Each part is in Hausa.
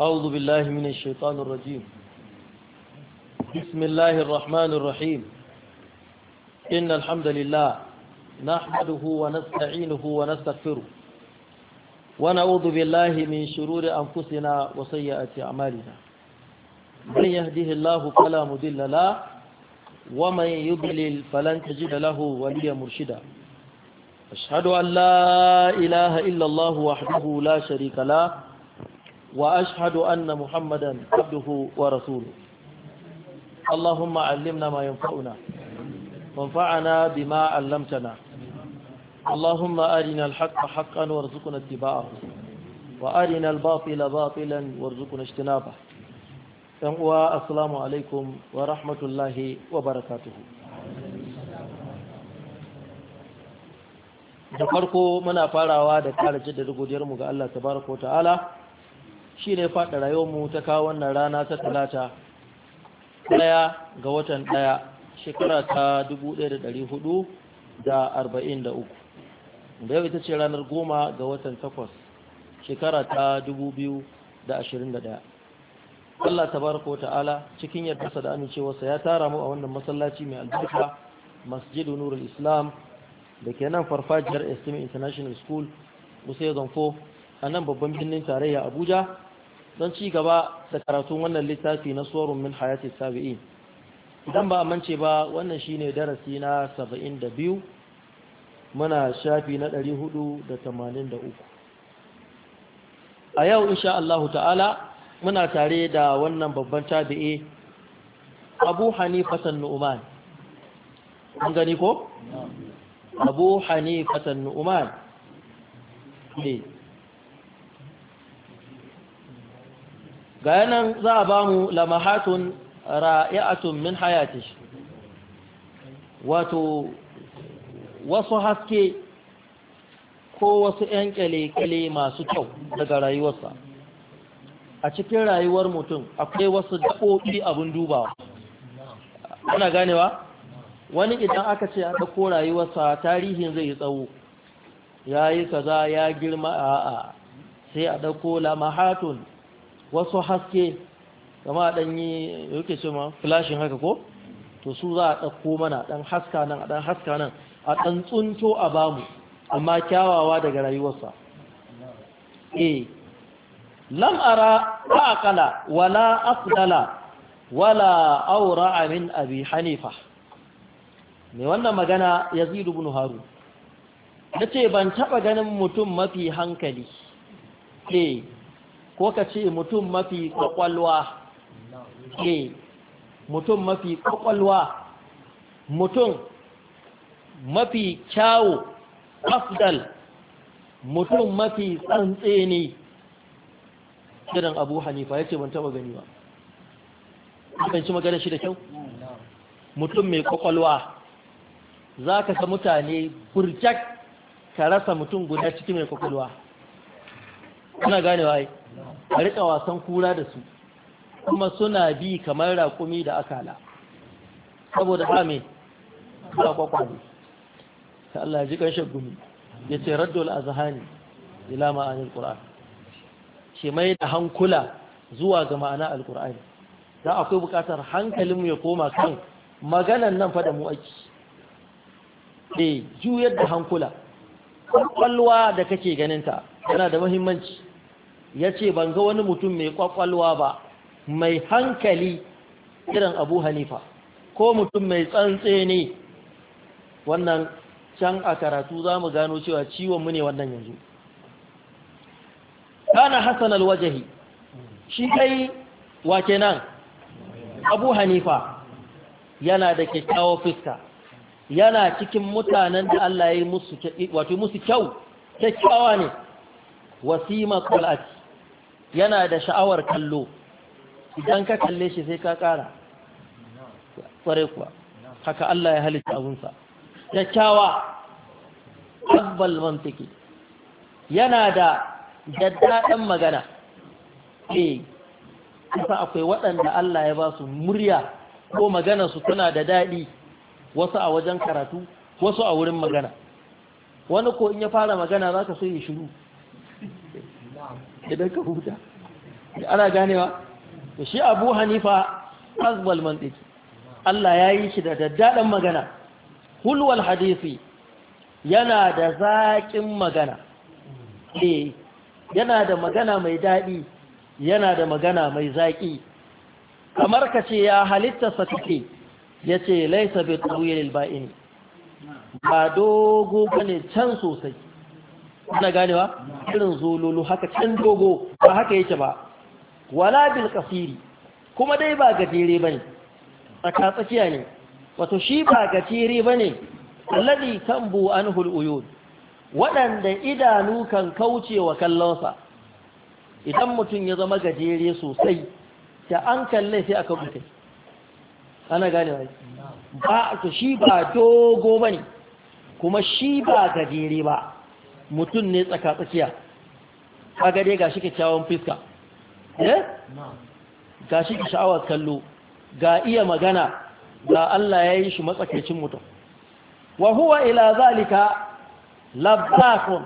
أعوذ بالله من الشيطان الرجيم بسم الله الرحمن الرحيم إن الحمد لله نحمده ونستعينه ونستغفره ونعوذ بالله من شرور أنفسنا وسيئات أعمالنا من يهده الله فلا مضل له ومن يضلل فلن تجد له وليا مرشدا أشهد أن لا إله إلا الله وحده لا شريك له وأشهد أن محمدا عبده ورسوله اللهم علمنا ما ينفعنا وانفعنا بما علمتنا اللهم أرنا الحق حقا وارزقنا اتباعه وأرنا الباطل باطلا وارزقنا اجتنابه السلام عليكم ورحمة الله وبركاته da farko muna farawa da kare jaddada godiyarmu ga Allah tabaraka wa ta'ala shi ne faɗa mu ta kawo wannan rana ta talata ɗaya ga watan ɗaya shekara ta 1443 da yau ita ce ranar goma ga watan takwas shekara ta ɗaya. Allah Ta Ko ta'ala cikin sa da amincewarsa ya tara mu a wannan masallaci mai albarka masjidu nurul islam da ke nan farfajiyar estimate international school musayi zanfo a nan babban birnin tarayya abuja don ci gaba da karatun wannan littafi na tsoron min hayati sabi'in idan ba mance ba wannan shi ne darasi na 72 muna shafi na 483 a yau insha Allah ta'ala muna tare da wannan babban tabi'e Abu Hanifa Nu'man an gani ko Abu Hanifa Nu'man ne ga yanan za a ba mu lamahatun ra'i'atun min hayati wato wasu haske ko wasu 'yan kyale-kyale masu kyau daga rayuwarsa a cikin rayuwar mutum akwai wasu daɓoɓi abin dubawa ana ganewa wani idan aka ce a ɗauko rayuwarsa tarihin zai yi tsawo ya yi kaza ya girma a a sai a ɗauko lamahatun wasu haske kama a yi yake ce ma flashin haka ko to su za a ɗauko mana ɗan haska nan a ɗan haska nan a ɗan tsunto a bamu amma kyawawa daga rayuwarsa e eh, Lam'ara a wala afdala wala aura amin abi hanifa mai wannan magana ya dubu nuharu harun ce ban taɓa ganin mutum mafi hankali eh ko ka ce mutum mafi kwakwalwa ke eh, mutum mafi kwakwalwa mutum mafi kyawu afdal mutum mafi tsantse ne irin abu hanifa ya ce ban taba gani ba ci magana shi da kyau mutum mai kwakwalwa za ka sa mutane burjak ka rasa mutum guda ciki mai kwakwalwa kuna gane yi a riƙa wasan kura da su kuma suna bi kamar raƙumi da akala saboda hame ba kwakwani ta Allah ji kan shagumi ya ce raddol Zahani ila ma'anin qur'an ce mai da hankula zuwa ga ma'ana za a akwai buƙatar hankalinmu ya koma kan maganan nan fada mu aiki eh juyar da hankula kwalwa da kake ganinta yana da muhimmanci ya ce ban ga wani mutum mai kwakwalwa ba mai hankali irin abu hanifa ko mutum mai tsantse ne wannan can a karatu za mu gano cewa ciwonmu ne wannan yanzu kana hassan alwajahi shi kai wake nan abu hanifa yana da kyakkyawar fuska yana cikin mutanen da Allah ya yi musu kyau kyakkyawa ne wasima qalati yana da sha'awar kallo idan ka kalle shi sai ka kara ƙware kuwa haka Allah ya halitta abunsa kyakkyawa abbal mantiki yana da daddaɗan magana eh kusa akwai waɗanda Allah ya ba su murya ko magana su tana da daɗi wasu a wajen karatu wasu a wurin magana wani ko in ya fara magana za ka so ya shiru idan ka huta ana ganewa da shi abu hanifa azbal mantiki Allah ya yi shi da daddaɗin magana hulwal hadisi yana da zaƙin magana eh yana da magana mai daɗi yana da magana mai zaƙi kamar ka ce ya halitta sakake ya ce laisa bai tsoye lilba'ini ba dogo bane can sosai ana ganewa irin zololo haka can dogo ba haka yake ba wala bil qasiri kuma dai ba gajere bane aka tsakiya ne wato shi ba gajere bane alladhi tambu anhu al-uyun wadanda idanu kan kaucewa kallonsa idan mutum ya zama gajere sosai ta an kalle sai aka buke ana ganewa ba to shi ba dogo bane kuma shi ba gajere ba mutum ne tsaka tsakatsakiya kaga dai shi kyakkyawan fiska eh? ga shi ki sha'awar kallo ga iya magana ga Allah ya yi shi matsakaicin mutum wa huwa ila zalika labbakun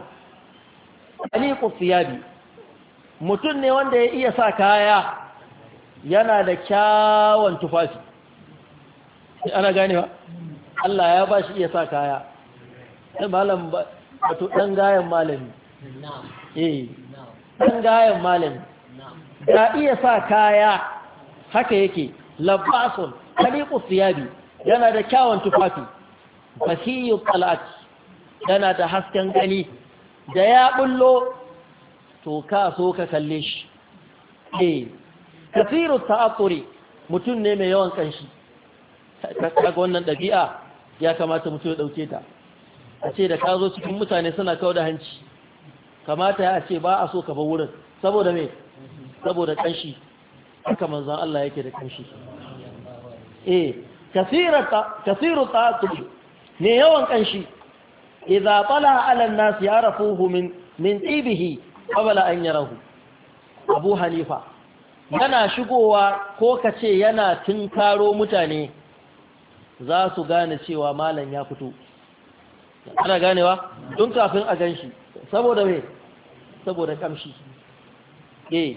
aliqu thiyabi mutum ne wanda ya iya sa kaya yana da kyawun tufafi ana ganewa Allah ya ba shi iya sa kaya malam wato ɗan gayan malami eh. ɗan gayan malami da iya sa kaya haka yake labbasun kaliƙus siyabi, yana da kyawun tufafi basiyu qalat yana da hasken gani da ya bullo to ka so ka kalle shi e kathiru ta'atturi mutum ne mai yawan ƙanshi ta kaga wannan ɗabi'a ya kamata mutum ya ɗauke ta a ce da ka zo cikin mutane suna kawo da hanci kamata ya ce ba a so ka bar wurin saboda me saboda kanshi aka manzon Allah yake da kanshi eh kasirata kasiru ta'atu ne yawan kanshi idza tala ala an-nas ya'rafuhu min min tibihi qabla an yarahu abu hanifa yana shigowa ko kace yana tinkaro mutane za su gane cewa malam ya fito ana ganewa Tun kafin a gan shi saboda me saboda kamshi eh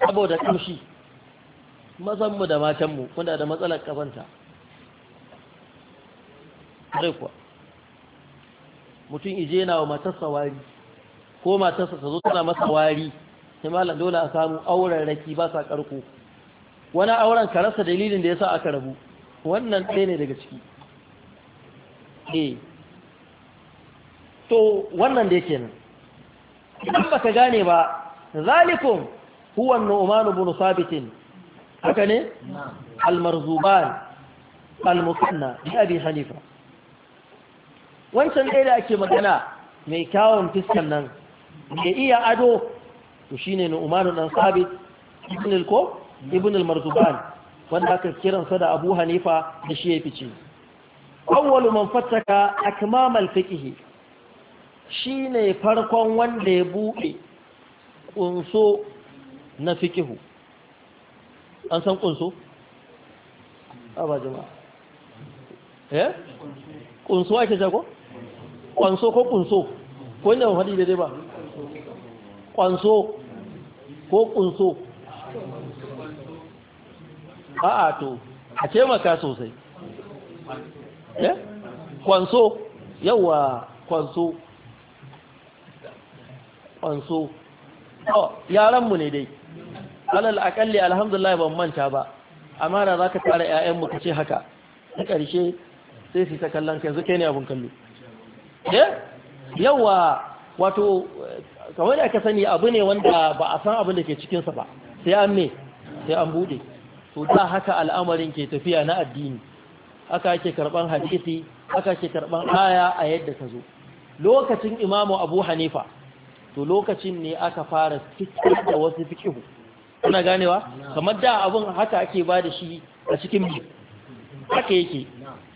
saboda kamshi mazanmu da matanmu kuna da matsalar kafanta zai kuwa mutum ije na wa matarsa wari ko matarsa ta zo tana masa wari sai malam dole a samu auren raki ba sa karko wani auren ka rasa dalilin da ya sa aka rabu wannan ɗaya ne daga ciki eh to wannan da yake nan idan baka gane ba zalikum huwa numan ibn sabit haka ne al-marzuban al-mukanna bi abi hanifa wancan dai da ake magana mai kyawun fiskan nan da iya ado to shine nu'man dan sabit ibn al-ko ibn al-marzuban wanda aka kiransa da abu hanifa da shi ya fice awwalu man fattaka akmamal fiqh shi ne farkon wanda ya buɗe ƙunso na fikihu an san ƙunso? ba jima eh? ƙunso ake jago? ƙunso ko ƙunso ko yin faɗi daidai ba? ƙunso ko ƙunso a a to a ce maka sosai eh? ƙunso Yawwa ƙunso yaran mu ne dai alal akalli alhamdulillah ban manta ba amma da za ka tara mu ka ce haka na ƙarshe sai su ta kallon kai zuke ne abin kallo eh? yawa wato kamar da aka sani abu ne wanda ba a san abin da ke cikinsa ba sai an me sai an buɗe to da haka al'amarin ke tafiya na addini aka ake karban hadisi aka ke karban aya a yadda ta zo lokacin imamu abu hanifa to lokacin ne aka fara fitar da wasu fikihu kuna ganewa kamar da abun haka ake ba da shi a cikin bi haka yake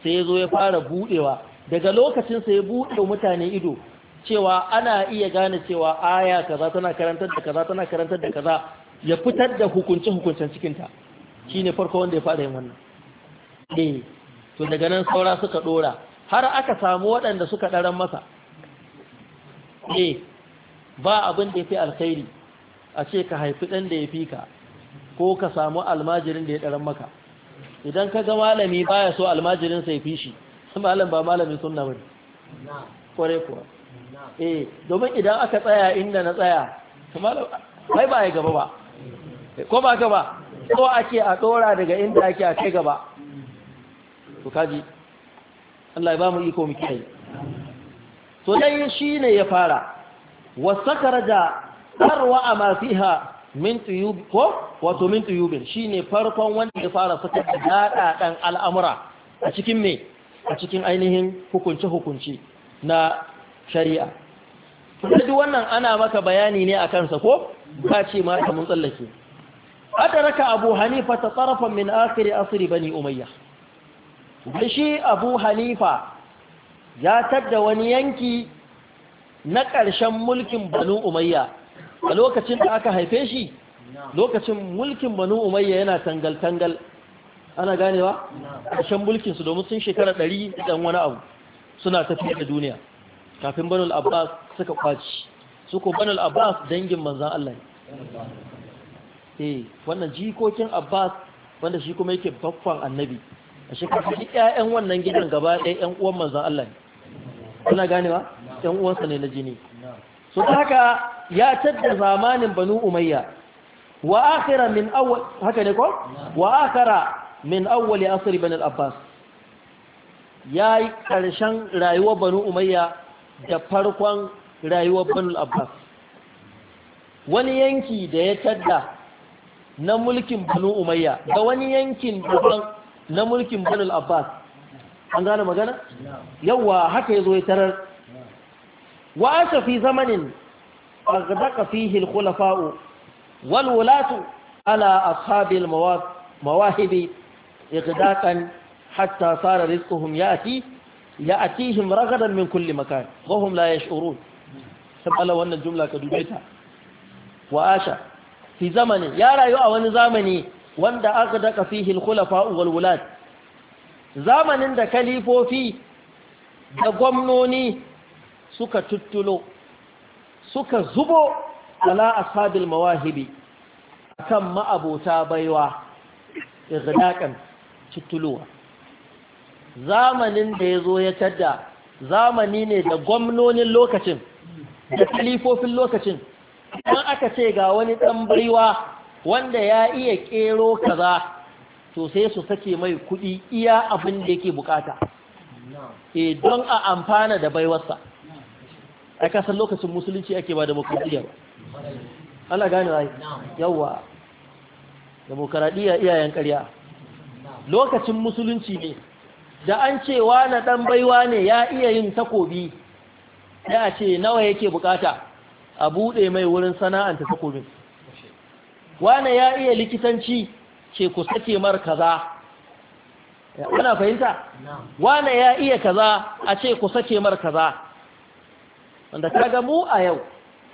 sai ya zo ya fara budewa daga lokacin sai ya bude mutane ido cewa ana iya gane cewa aya kaza tana karantar da kaza tana karantar da kaza ya fitar da hukunci hukuncen cikin ta shine farko wanda ya fara yin wannan eh to daga nan saura suka dora har aka samu waɗanda suka daren masa eh ba abin da ya fi alkhairi a ce ka haifi ɗan da ya fi ka ko ka samu almajirin da ya ɗaran maka idan ka ga malami baya so almajirin sai fi shi malam ba malamin sunna bane kore kuwa eh domin idan aka tsaya inda na tsaya malam ba ya gaba ba ko ba ka ba ko ake a dora daga inda ake a kai gaba to kaji Allah ya ba mu iko mu kai to dai shine ya fara wasakaraja arwa ma fiha min tuyub ko wato min tuyubin shine farkon wanda ya fara saka dada ɗan al'amura a cikin me a cikin ainihin hukunci hukunci na shari'a duk wannan ana maka bayani ne a kansa ko ka ce ma mun tsallake raka abu hanifa ta tsarafan min akhir asri bani umayya shi abu hanifa ya tadda wani yanki na ƙarshen mulkin banu umayya a lokacin da aka haife shi lokacin mulkin banu umayya yana tangal-tangal ana ganewa ƙarshen mulkinsu domin sun shekara ɗari ɗan wani abu suna tafiya da duniya kafin banu al'abbas suka kwaci su ko banu al'abbas dangin manzan Allah eh wannan jikokin abbas wanda shi kuma yake baffan annabi a shekara duk ƴaƴan wannan gidan gaba ɗaya uwan manzan Allah ne kuna ganewa ɗan uwansa ne na jini so ta haka ya tadda zamanin banu umayya wa akhira min awwal haka ne ko wa akhira min awwal asr ibn al-abbas yayi karshen rayuwar banu umayya da farkon rayuwar banu al-abbas wani yanki da ya tadda na mulkin banu umayya da wani yankin na mulkin banu al-abbas an gane magana yawa haka yazo ya tarar wa asha fi zamanin aghdaka fihi al-khulafa'u wal wulatu ala ashabi al-mawahib ighdaqan hatta sara rizquhum yati ya'tihim ragadan min kulli makan wa hum la yash'urun sabala wannan jumla ka dube ta wa asha fi zamanin ya rayu a wani zamani wanda aka daka fihi al-khulafa wal wulad zamanin da kalifofi da gwamnoni suka tuttulo suka zubo ala ashabil mawahibi akan ma'abota baiwa igdaqan tuttulowa zamanin da yazo ya tada zamani ne da gwamnonin lokacin da kalifofin lokacin idan aka ce ga wani dan baiwa wanda ya iya kero kaza to sai su sake mai kuɗi iya abin da yake bukata e don a amfana da baiwarsa a kasar lokacin musulunci ake ba demokaradiyya ba ana gane wa yawa demokaradiyya iyayen karya lokacin musulunci ne da an ce na ɗan baiwa ne ya iya yin takobi ya ce nawa yake bukata a buɗe mai wurin sana'anta takobin wane ya iya likitanci ce ku sake mar kaza ana fahimta wane ya iya kaza a ce ku sake mar kaza wanda kaga mu a yau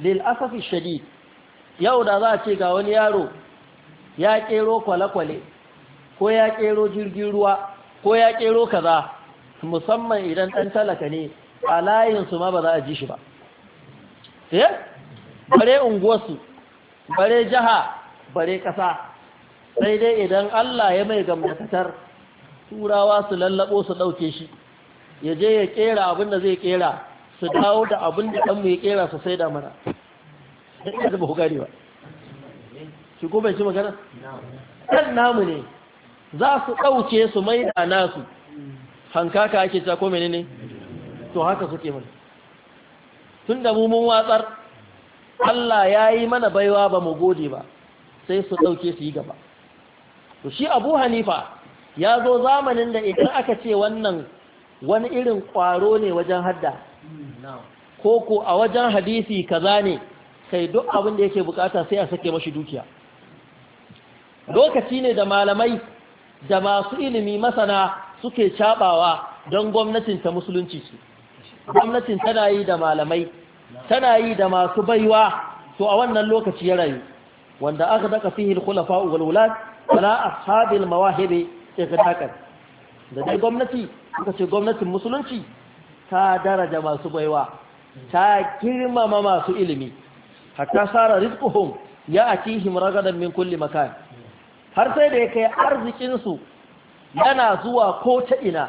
lil asafi shadid yau da za a ce ga wani yaro ya kero kwale-kwale ko ya kero jirgin ruwa ko ya kero kaza musamman idan ɗan talaka ne a layinsu ma ba za a ji shi ba eh bare unguwarsu bare jiha bare ƙasa sai dai idan Allah ya mai gamdakatar turawa su lallabo su ɗauke shi ya je ya ƙera abin da zai ƙera su dawo da abin da ɗanmu ya ƙera su sai da mana ya zaba hukari ba shi ko bai shi magana? ɗan namu ne za su ɗauke su mai da nasu hankaka ake ta ko menene to haka suke mana tun da mummun watsar Allah ya yi mana baiwa ba mu gode ba sai su ɗauke su yi gaba to shi abu hanifa ya zo zamanin da idan aka ce wannan wani irin ƙwaro ne wajen hadda ko ko a wajen hadisi kaza ne kai duk abin da yake bukata sai a sake mashi dukiya lokaci ne da malamai da masu ilimi masana suke cabawa don gwamnatin ta musulunci su gwamnatin tana yi da malamai tana yi da masu baiwa to a wannan lokaci ya rayu wanda aka daka fihi al-khulafa wal wulad wala ashabil mawahibi ighdakan da dai gwamnati kuka ce gwamnatin musulunci ta daraja masu baiwa ta girmama masu ilimi hatta sara rizquhum ya atihim ragadan min kulli makan har sai da ya kai arzikin su yana zuwa ko ta ina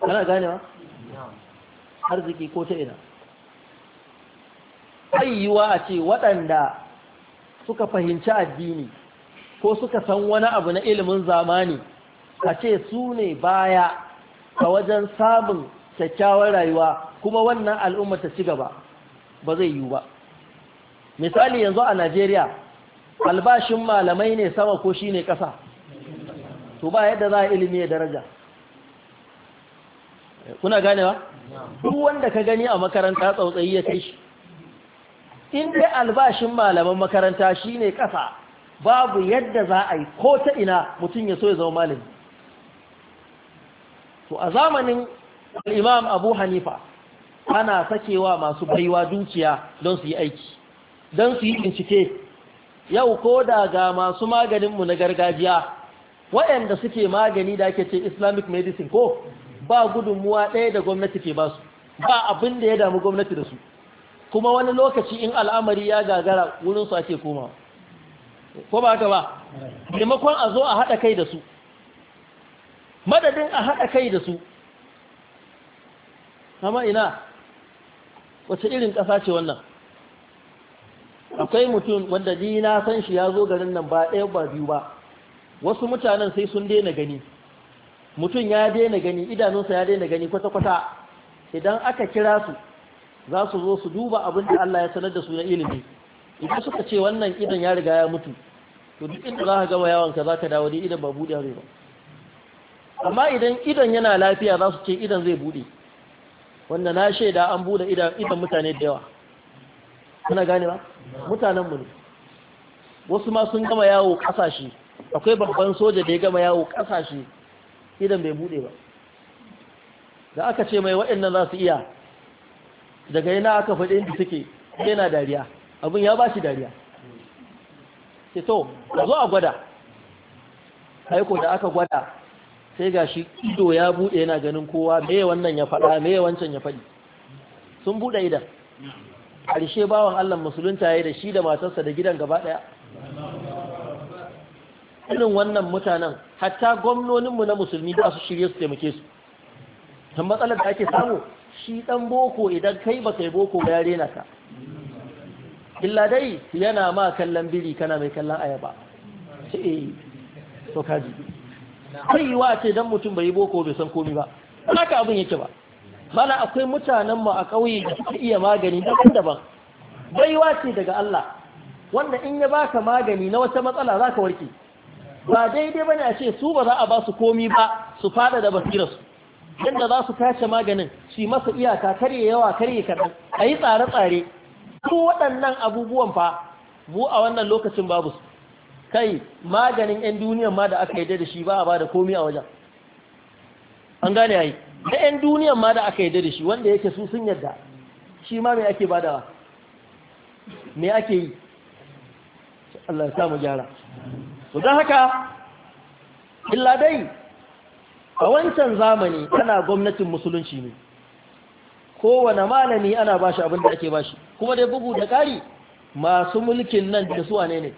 kana wa? arziki ko ta ina ayyuwa ce waɗanda suka fahimci addini ko suka san wani abu na ilimin zamani a ce su ne baya a wajen samun kyakkyawar rayuwa kuma wannan al'umma ta ci gaba ba zai yiwu ba misali yanzu a najeriya albashin malamai ne sama ko shi ne ƙasa to ba yadda za a ilimi ya daraja kuna ganewa duk wanda ka gani a makaranta tsautsayi ya kai shi in dai albashin malaman makaranta shi ne ƙasa babu yadda za a yi ko ta ina mutum ya so ya zama malami to a zamanin imam abu hanifa ana sakewa masu baiwa dukiya don su yi aiki don su yi bincike yau ko da ga masu maganinmu na gargajiya waɗanda suke magani da ake ce islamic medicine ko ba gudunmuwa ɗaya da gwamnati ke ba su ba abin da ya damu gwamnati da su kuma wani lokaci in al'amari ya gagara wurinsu ake komawa ko ba ta ba maimakon a zo a haɗa kai da su madadin a haɗa kai da su amma ina wace irin ƙasa ce wannan akwai mutum wanda ji na san shi ya zo garin nan ba ɗaya ba biyu ba wasu mutanen sai sun daina gani mutum ya daina gani idanunsa ya daina gani kwata-kwata idan aka kira su za su zo su duba abin da Allah ya sanar da su na ilimi idan suka ce wannan idan ya riga ya mutu to duk inda za ka gama yawon ka za ka dawo dai idan ba buɗe ne ba amma idan idan yana lafiya za su ce idan zai buɗe wanda na shaida an buɗe idan mutane da yawa kuna gane ba mutanenmu ne wasu ma sun gama yawo ƙasashe akwai babban soja da ya gama yawo ƙasashe idan bai buɗe ba da aka ce mai waɗannan za su iya daga yana aka faɗi inda suke yana dariya abin ya ba shi dariya sai to a zo a gwada aiko da aka gwada sai ga shi ido ya buɗe yana ganin kowa meye wannan ya faɗa meye wancan ya faɗi sun buɗe idan ƙarshe bawan allah musulunta ya da shi da matarsa da gidan gaba ɗaya irin wannan mutanen hatta gwamnoninmu na musulmi da su shirye su taimake su don matsalar da ake samu shi ɗan boko idan kai ba kai boko ba ya rena ka illa dai yana ma kallon biri kana mai kallon ayaba ce eh to kaji sai ce dan mutum bai boko bai san komi ba haka abin yake ba bana akwai mutanen mu a ƙauye da suka iya magani daban-daban baiwa ce daga Allah wanda in ya baka magani na wata matsala zaka warke ba daidai bane a ce su ba za a ba su komi ba su fada da basirarsu yadda za su tace maganin shi masa iyaka karye yawa karye kaɗan a yi tsare-tsare duk waɗannan abubuwan fa mu a wannan lokacin babu su kai maganin 'yan duniyan ma da aka yi da shi ba a ba da komi a wajen an gane yayi da 'yan duniyan ma da aka yi da shi wanda yake su sun yadda shi ma mai ake badawa me ake yi Allah ya samu gyara to don haka illa dai a wancan zamani kana gwamnatin musulunci ne kowane malami ana bashi abin da ake ba shi kuma dai bugu da ƙari masu mulkin nan da suwa ne ne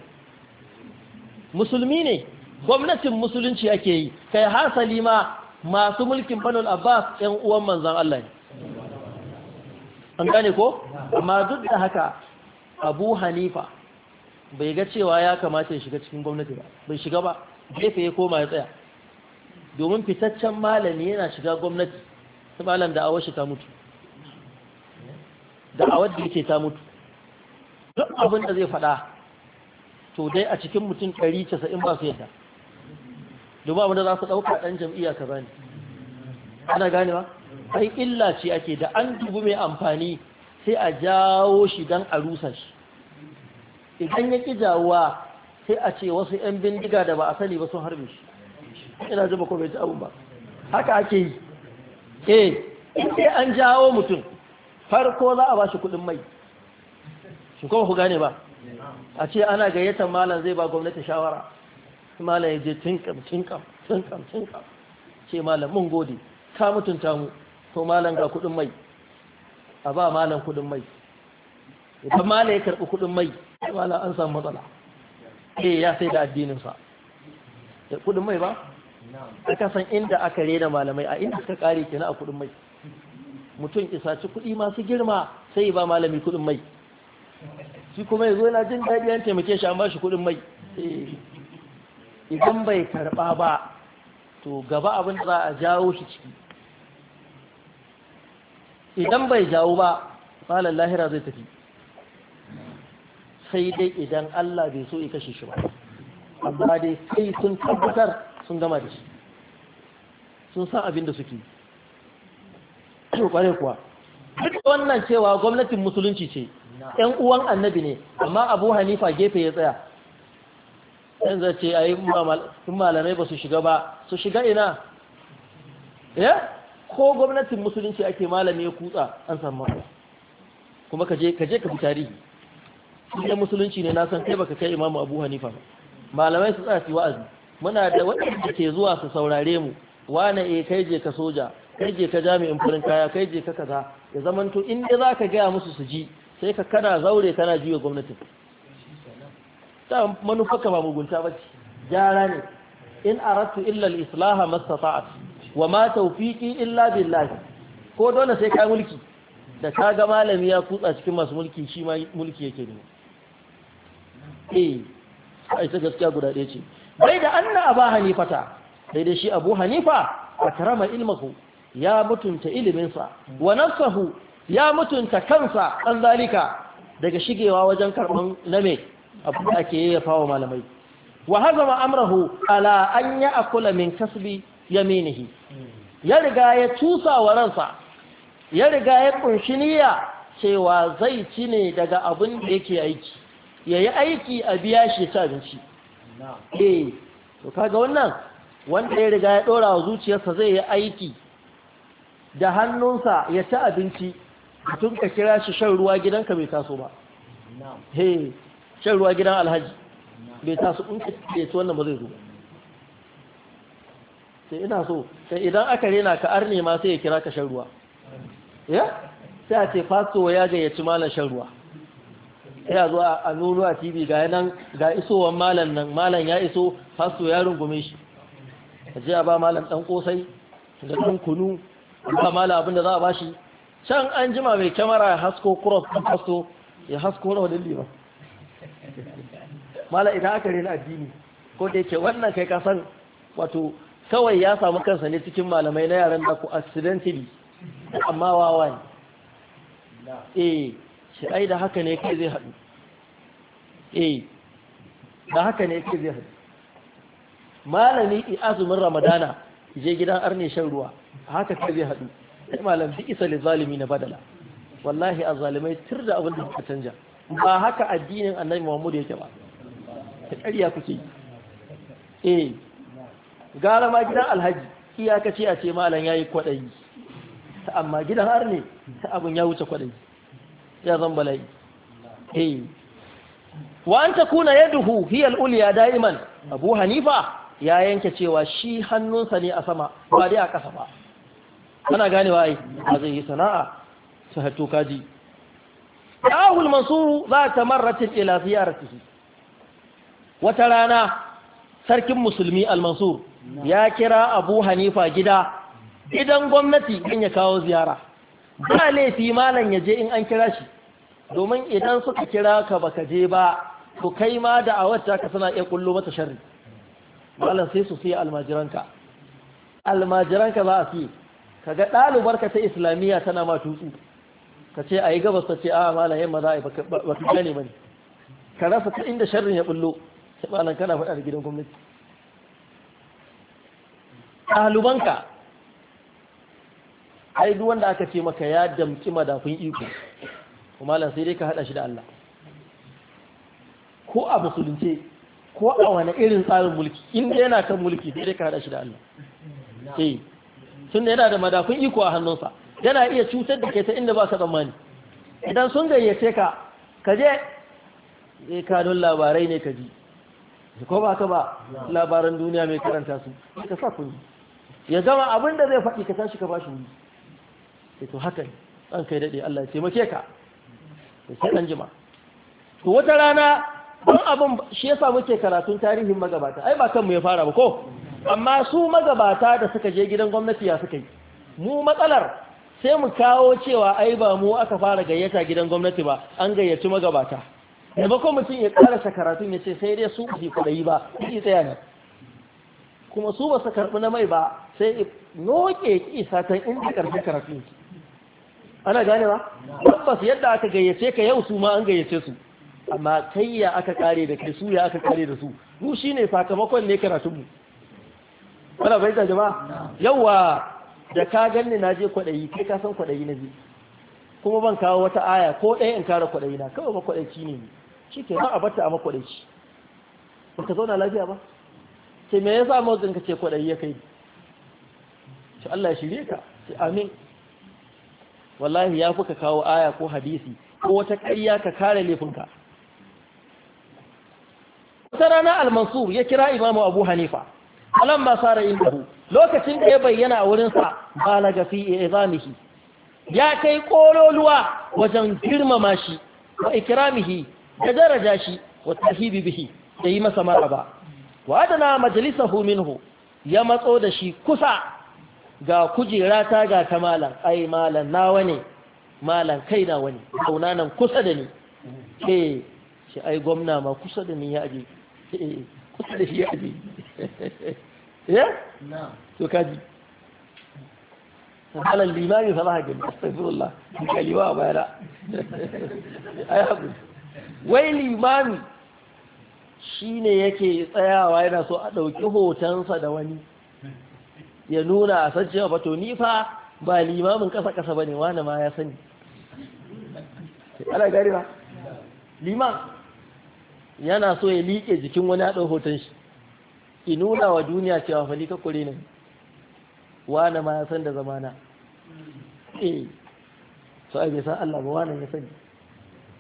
musulmi ne gwamnatin musulunci ake yi kai hasali ma masu mulkin banul abbas yan uwan manzan Allah ne an gane ko amma duk da haka abu hanifa bai ga cewa ya kamata ya shiga cikin gwamnati ba bai shiga ba gefe ya koma ya tsaya domin fitaccen malami yana shiga gwamnati su malam da awashi ta mutu da a wadda yake ta mutu duk abin da zai faɗa to dai a cikin mutum 190 ba su yadda duba wanda za su ɗauka ɗan jam'iyya ka bani ana ganewa ai illa ce ake da an dubu mai amfani sai a jawo shi don a rusa shi idan ya ƙi jawuwa sai a ce wasu 'yan bindiga da ba a sani ba sun harbe shi ina ji ba ko bai abu ba haka ake yi eh sai an jawo mutum farko za a ba shi kudin mai shi kuma ku gane ba a ce ana gayyatar malam zai ba gwamnati shawara malam ya je tinkam tinkam tinkam tinkam ce malam mun gode ka mutunta mu to malam ga kudin mai a ba malam kudin mai idan malam ya karbi kudin mai malam an samu matsala eh ya sai da addininsa da kudin mai ba aka san inda aka rena malamai a inda suka kare kina a kudin mai mutum isaci kuɗi masu girma sai ba malami kuɗin mai shi kuma ya zo yana jin daɗi an taimake shi an ba shi kuɗin mai eh, idan bai karɓa ba to gaba abin da za a jawo shi ciki idan bai jawo ba malar lahira zai tafi sai dai idan Allah bai so ya kashe shi ba amma dai sai sun tabbatar sun gama da shi sun san abin da suke kware kuwa duk wannan cewa gwamnatin musulunci ce ‘yan uwan annabi ne amma abu hanifa gefe ya tsaya ‘yan zace a yi malamai ba su shiga ba su shiga ina ya eh? ko gwamnatin musulunci ake malami ya kutsa an samu kuma kaje je ka fi tarihi inda musulunci ne na san kai baka kai imamu abu hanifa ba malamai su tsafi wa'azi muna da waɗanda ke zuwa su saurare mu wane e kai je ka soja kai je ka jami'in farin kaya kai je ka kaza ya zamanto in za zaka gaya musu su ji sai ka kana zaure kana juya gwamnatin ta manufaka ba mugunta ba ce gyara ne in aratu illa al-islaha mastata'at wa ma tawfiqi illa billah ko dole sai kai mulki da ka ga malami ya kutsa cikin masu mulki shi ma mulki yake ne eh ai ta gaskiya guda ɗaya ce bai da anna aba hanifata sai dai shi abu hanifa karama ilmaku. ya mutunta iliminsa wa nafsahu ya mutunta kansa dan zalika daga shigewa wajen karban lame abu da ake yayyafa wa malamai wa hazama amrahu ala an ya akula min kasbi yaminihi ya riga ya tusa wa ransa ya riga ya kunshi niyya cewa zai ci ne daga abin da yake aiki yayi aiki a biya shi ta abinci eh to kaga wannan wanda ya riga ya dora wa zuciyarsa zai yi aiki da hannunsa ya ci abinci tun ka kira shi shan ruwa gidanka bai taso ba he shan ruwa gidan alhaji bai taso in ka ci wannan ba zai zo sai ina so sai idan aka rena ka arne ma sai ya kira ka shan ruwa ya sai a ce faso ya gayyaci malam shan ruwa ya zo a nuno a tv ga nan ga isowar malam nan malam ya iso faso ya rungume shi a ji a ba malam dan kosai da dan kunu ba mala abin da za a bashi can an jima mai kyamara ya hasko kuros ɗin fasto ya hasko na wadin liman mala idan aka rena addini ko da yake wannan kai kasan wato kawai ya samu kansa ne cikin malamai na yaran da ku accidentally amma wawa ne eh shi ai da haka ne kai zai haɗu eh da haka ne kai zai haɗu malami i azumin ramadana je gidan arne shan ruwa haka ka zai haɗu sai malam bi isa li zalimi na badala wallahi a zalimai tur da abin da suka canja ba haka addinin annabi muhammadu yake ba ta ƙarya kuke eh gara ma gidan alhaji iyakaci a ce malam yayi kwaɗayi ta amma gidan har ne ta abin ya wuce kwaɗayi ya zan bala'i eh wa an takuna yaduhu hiya al-ulya da'iman abu hanifa ya yanke cewa shi hannunsa ne a sama ba dai a ƙasa ba Ana ganewa ai a zai yi sana'a ta hato kaji da'ahul mansuru za ta marratin ila ziyaratihi wata rana sarkin musulmi al-mansur ya kira abu hanifa gida gidan gwamnati in ya kawo ziyara ba laifi malam ya je in an kira shi domin idan suka kira ka baka je ba to kai ma da a wata ka suna iya kullo mata sharri malam sai su sai almajiranka almajiranka za a siye kaga ɗalibarka ta islamiyya tana ma tutsi ka ce a yi gabas ta ce a ah, malam yamma za a yi ba ka gane ba ne ka rasa ta inda sharrin ya bullo sai malam kana faɗa da gidan gwamnati ɗalibanka ai duk wanda aka ce maka ya damki madafin iko kuma malam sai dai ka haɗa shi da Allah ko a musulunce ko a wani irin tsarin mulki inda yana kan mulki sai dai ka haɗa shi da Allah eh tun yana da madafun iko a hannunsa yana iya cutar da ke ta inda ba ka tsammani idan sun gayyace ka ka je zai kanun labarai ne ka ji ko ba ka ba labaran duniya mai karanta su ka sa kun ya gama abin da zai faɗi ka tashi ka ba shi wuri sai to haka an kai daɗe Allah ya taimake ka da sai ɗan jima to wata rana don abin shi ya sa muke karatun tarihin magabata ai ba kanmu ya fara ba ko amma su magabata da suka je gidan gwamnati ya suka yi mu matsalar sai mu kawo cewa ai ba mu aka fara gayyata gidan gwamnati ba an gayyaci magabata da bako mutum ya karasa karatun ya ce sai dai su ji kudayi ba ki tsaya ne kuma su ba su karɓi na mai ba sai noke ki satan inda karfi karatun ana gane ba tabbas yadda aka gayyace ka yau su ma an gayyace su amma kai ya aka kare da kai su ya aka kare da su mu shine sakamakon ne karatun mu wala bai da jama'a yawa da ka ganni na je kwaɗayi kai ka san kwaɗayi na biyu kuma ban kawo wata aya ko ɗaya in kare kwaɗayi na kawai makwaɗaici ne shi ke ba a bata a makwaɗaici ba ka zauna lafiya ba sai me ya sa zinka ka ce kwaɗayi ya kai shi Allah ya shirye ka sai amin wallahi ya fi ka kawo aya ko hadisi ko wata ƙarya ka kare laifinka wata rana al-mansur ya kira imamu abu hanifa alam ba sara indahu lokacin da ya bayyana a wurinsa ba na gafi izamihi ya kai kololuwa wajen girmama shi wa ikramihi da daraja shi wa tahibi bihi da yi masa maraba wa adana majalisahu minhu ya matso da shi kusa ga kujera ta ga ta malan ai malan nawa ne malan kai na wani kaunanan kusa da ni eh shi ai gwamna ma kusa da ni ya aje eh, kusa da shi ya aje ya eh? to kaji ala limami fa haka ne astaghfirullah ki kaliwa ba yara ai hakuri wai shi ne yake tsayawa yana so a ɗauki hotonsa da wani ya nuna a san cewa ba to ni fa ba limamin ƙasa-ƙasa ba ne, wani ma ya sani ana gari ba liman yana so ya liƙe jikin wani haɗin hoton shi ki nuna wa duniya cewa fali ka kure ne wane ma ya san da zamana eh so ai bai san Allah ba wani ya sani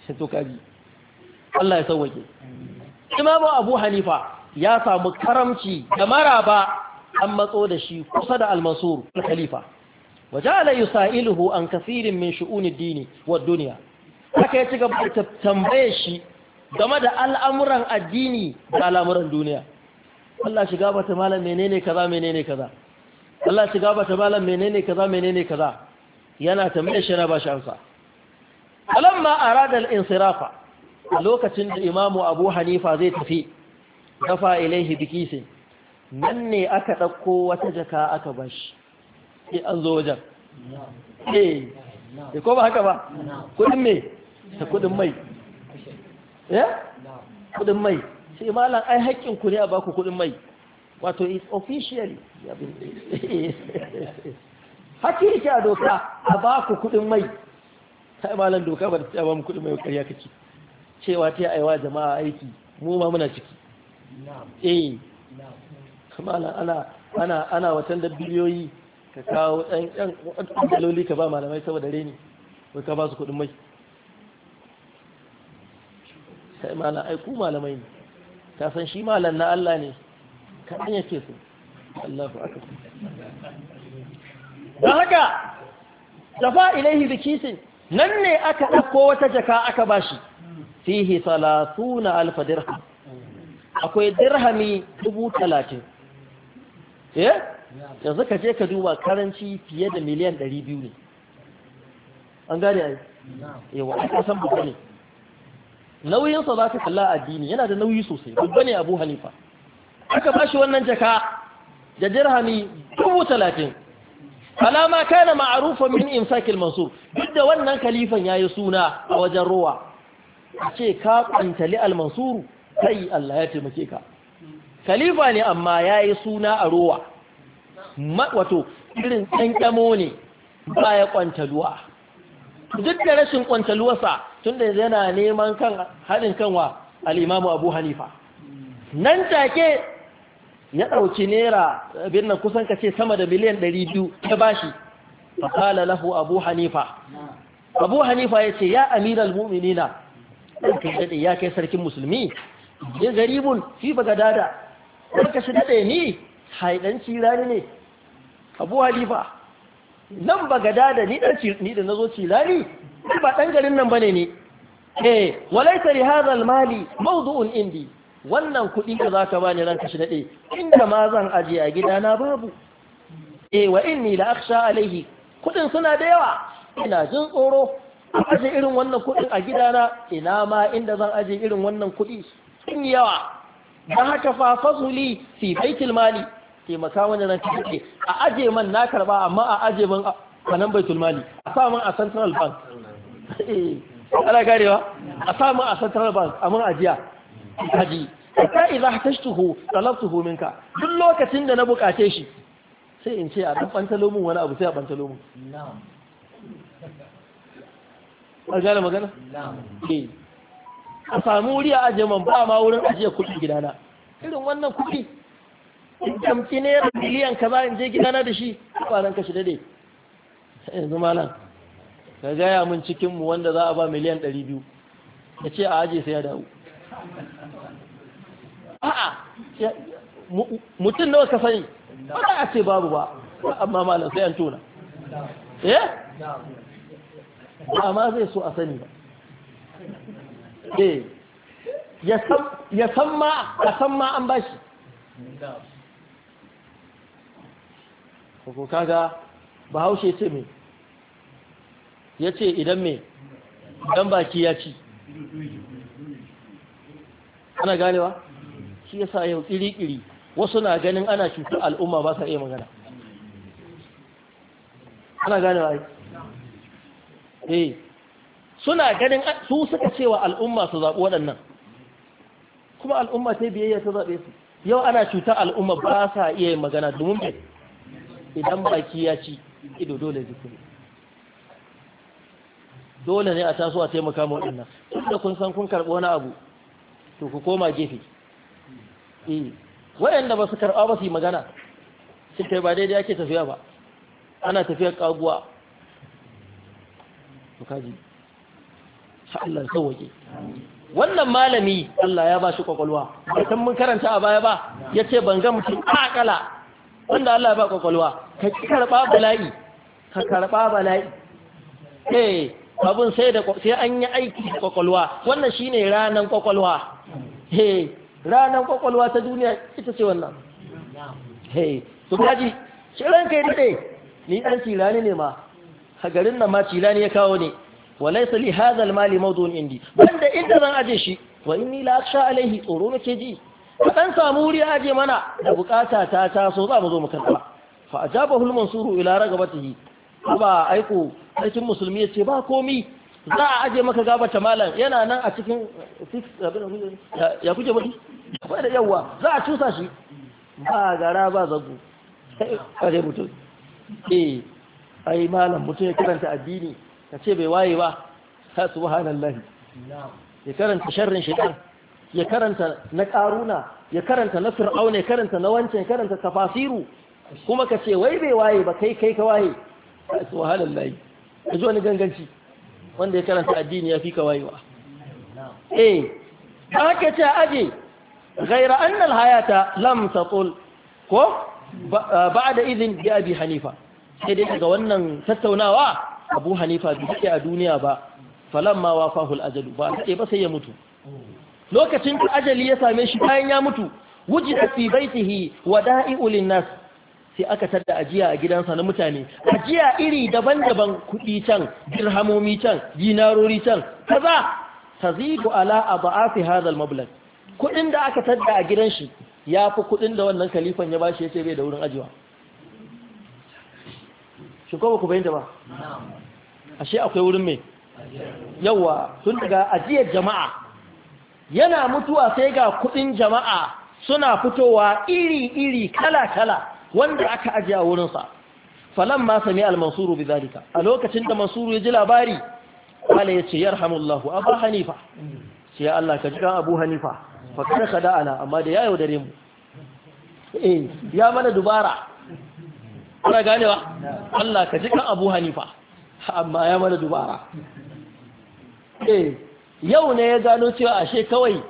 shi to kaji Allah ya sauwake Imamu Abu Hanifa ya samu karamci da maraba an matso da shi kusa da al al-Khalifa wa ja'ala yusailuhu an kaseerin min shu'unid dini wad dunya haka ya ci gaba da tambaye shi game da al'amuran addini da al'amuran duniya Allah shiga ta malam menene kaza menene kaza Allah shiga ta malam menene kaza menene kaza yana ta shi na bashi amsa alamma arada al-insirafa lokacin da imamu Abu Hanifa zai tafi dafa ilaihi bikisin nan ne aka ɗauko wata jaka aka bashi sai an zo wajen eh ko ba haka ba kudin me ta kudin mai ya eh? kudin mai sai malam ai haƙƙin ku ne a baku kudin mai wato is officially Ya haƙƙi a doka a baku kudin mai sai malam doka ba ta ba mu kudin mai ƙarya kace cewa ta aiwa jama'a aiki mu ma muna ciki eh malam ana ana ana watan da biliyoyi ka kawo ɗan ɗan daloli ka ba malamai saboda reni ka ba kuɗin kudin mai kai ma na ku malamai ne ka san shi malam na Allah ne kaɗan yake so aka akbar don haka dafa ilaihi da kisin nan ne aka ɗauko wata jaka aka bashi fihi na alfa dirham akwai dirhami dubu talatin eh yanzu ka je ka duba karanci fiye da miliyan ɗari biyu ne an gane yi yawa a san buku ne nauyinsa za ka kalla addini yana da nauyi sosai babba ne abu hanifa aka ba shi wannan jaka da dirhami dubu talatin alama kana ma'arufan min imsakil mansur duk da wannan kalifan ya yi suna a wajen ruwa a ce ka kwantali almansuru kai Allah ya taimake ka khalifa ne amma ya yi suna a ruwa wato irin ɗanƙamo ne ba ya kwantaluwa duk da rashin kwantaluwarsa da yana neman kan haɗin kanwa al'imamu abu hanifa nan take ya ɗauki naira abin nan kusan kace sama da miliyan 200 ta bashi kala lahu abu hanifa abu hanifa ya ce ya al mu'minina ɗanka daɗe ya kai sarkin musulmi ya garibun fi baga dada ɗanka shi daɗe ni haiɗanci rani ne abu hanifa nan ba gada da ni dan ni da nazo cilani ba ɗan garin nan bane ne eh walaysa li hadha al-mali mawdu'un indi wannan kuɗi da zaka bani ranka shi daɗe inda ma zan aje a gidana babu eh wa inni la akhsha alayhi kuɗin suna da yawa ina jin tsoro aje irin wannan kuɗin a gidana ina ma inda zan aje irin wannan kuɗi sun yawa dan haka fa fasuli fi baitil mali taimaka wani ranka kake a aje man na karba amma a aje man kanan baitul mali a sa man a central bank eh, ana garewa a sa man a central bank a man ajiya kaji ka idza tashtuhu talabtuhu minka duk lokacin da na bukace shi sai in ce a dan bantalo mun wani abu sai a bantalo mun na'am an magana na'am eh a samu wuri a aje man ba ma wurin ajiye kuɗi gidana irin wannan kuɗi in damki naira miliyan kaza in je gidana da shi kwanan ka shida dai yanzu malam ka gaya min cikin mu wanda za a ba miliyan 200 ya ce a aje sai ya dawo a'a mutum nawa ka sani ba a ce babu ba amma malam sai an tona eh ba ma zai so a sani ba eh ya san ma an ba shi. ko kaga bahaushe ce me ya ce idan me dan baki ya ci ana ganewa shi yasa yau kiri-kiri wasu na ganin ana cutar al'umma ba sa iya magana ana ganewa ai eh suna ganin su suka cewa al'umma su zaɓi waɗannan kuma al'umma ta biyayya ta zaɓe su yau ana cutar al'umma ba sa iya magana domin bai idan baki ya ci ido dole zikiri dole ne a taso a taimaka ma waɗannan tun da kun san kun karɓi wani abu to ku koma gefe eh waɗanda ba su karɓa ba su yi magana sun kai ba daidai ake tafiya ba ana tafiyar kaguwa to kaji Allah sauwaje wannan malami Allah ya ba shi kwakwalwa ba mun karanta a baya ba yace ban ga mutum akala wanda Allah ba kwakwalwa ka karɓa bala'i ka karɓa bala'i eh abin sai da sai an yi aiki da kwakwalwa wannan shine ranan kwakwalwa eh ranan kwakwalwa ta duniya ita ce wannan eh to kaji shi kai yi dade ni dan cilani ne ma a garin nan ma cilani ya kawo ne walaysa li hadha al mali mawdu'un indi banda inda zan aje shi wa inni la aksha alaihi tsoro nake ji A ɗan samu wuri ya aje mana da bukata ta taso za mu zo mu karɓa fa ajabahu al-mansuru ila ragabatihi ba aiko sarkin musulmi ya ce ba komi za a aje maka gabata malam yana nan a cikin ya kuje mutu ba da yawa za a cusa shi ba gara ba zagu kare mutu eh ai malam mutum ya karanta addini ka ce bai waye ba subhanallahi ya karanta sharrin shaitan ya karanta na karuna ya karanta na fir'auna ya karanta na wancan karanta tafasiru kuma ka ce wai bai waye ba kai kai ka waye subhanallahi yanzu wani ganganci wanda ya karanta addini ya fi ka wayewa eh haka ce aje ghaira anna hayata lam tatul ko ba'da idin bi abi hanifa sai dai daga wannan tattaunawa abu hanifa bai a duniya ba falamma wafahu ajalu ba sai ba sai ya mutu lokacin da ajali ya same shi bayan ya mutu da fi baitihi wada'i'u linnas sai aka tada ajiya a gidansa na mutane ajiya iri daban-daban kuɗi can dirhamomi can dinarori can kaza tazidu ala adha'afi hadha al Mabulat, kuɗin da aka tada a gidan shi yafi kuɗin da wannan kalifan ya bashi yace bai da wurin ajiwa shi ko ku bayyana ba ashe akwai wurin me yawa tun daga ajiyar jama'a yana mutuwa sai ga kudin jama'a suna fitowa iri-iri kala-kala wanda aka ajiye a wurinsa Falon ma sami al-mansuru bi zalika a lokacin da mansuru ya ji labari kala ya ce yarhamullahu abu hanifa sai Allah ka ji kan abu hanifa fa kada ka da'ana amma da ya yaudare mu eh ya mana dubara kuna ganewa Allah ka ji kan abu hanifa amma ya mana dubara eh yau ne ya gano cewa ashe kawai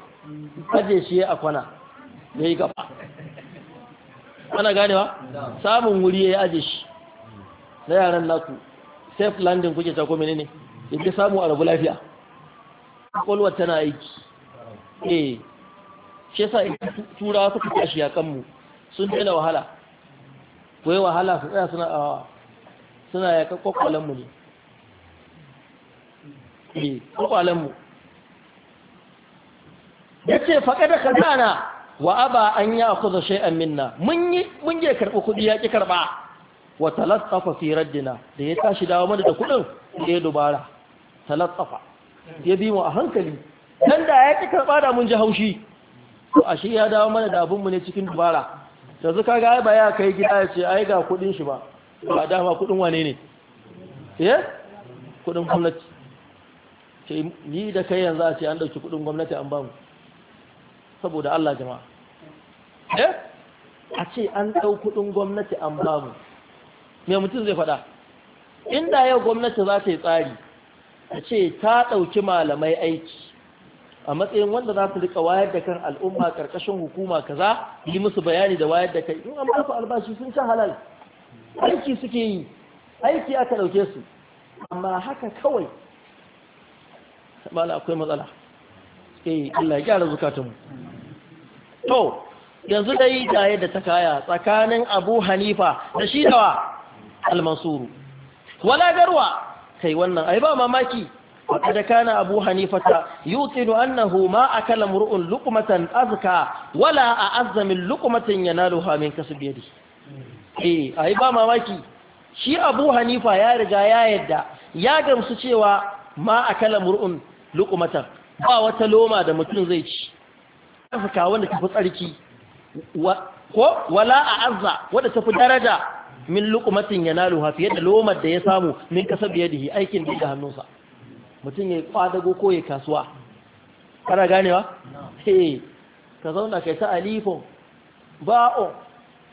aje shi a kwana ya yi gaba ana ganewa samun wuri ya aje shi na yaran naku safe landing kuke ta kome ne inda samu a rabu lafiya kwalwar tana aiki eh shi sa tura turawa kuka shi a kanmu sun daina wahala wai wahala su tsaya suna awa suna ya kakwakwalenmu ne eh, kwakwalenmu faƙa da khazana wa aba an ya'khudha shay'an minna mun yi mun je karbi ya ƙi karɓa wa talattafa fi raddina da ya tashi dawo mana da kuɗin ya dubara talattafa ya bi mu a hankali nan da ya ƙi karɓa da mun ji haushi to a shi ya dawo mana da abinmu mu ne cikin dubara su kaga ai ba ya kai gida ya ce ai ga kuɗin shi ba ba dama kuɗin wane ne ya eh kuɗin gwamnati ce ni da kai yanzu a ce an ɗauki kuɗin gwamnati an ba mu saboda Allah jama'a eh a ce an ɗau kuɗin gwamnati an babu me mutum zai faɗa inda yau gwamnati za ta yi tsari a ce ta ɗauki malamai aiki a matsayin wanda za su rika wayar da kan al'umma ƙarƙashin hukuma kaza yi musu bayani da wayar da kai in an ba albashi sun ci halal aiki suke yi aiki aka ɗauke su amma haka kawai ba akwai matsala eh Allah ya gyara zukatunmu to yanzu dai ga yadda ta kaya tsakanin abu hanifa da shi dawa almasuru wala garwa kai wannan ai ba mamaki وقد كان أبو حنيفة يوقن annahu ma akala mur'un luqmatan azka wala a'azza min luqmatin yanaluha min kasbi yadi eh ai ba mamaki shi Abu Hanifa ya riga ya yadda ya gamsu cewa ma akala mur'un luqmatan ba wata loma da mutum zai ci tsarkaka wanda tafi tsarki ko wala a azza wanda tafi daraja min luqmatin yanaluha fiye da lomar da ya samu min kasab yadihi aikin da hannunsa mutum ya kwadago ko ya kasuwa kana ganewa eh ka zauna kai ta alifun ba'o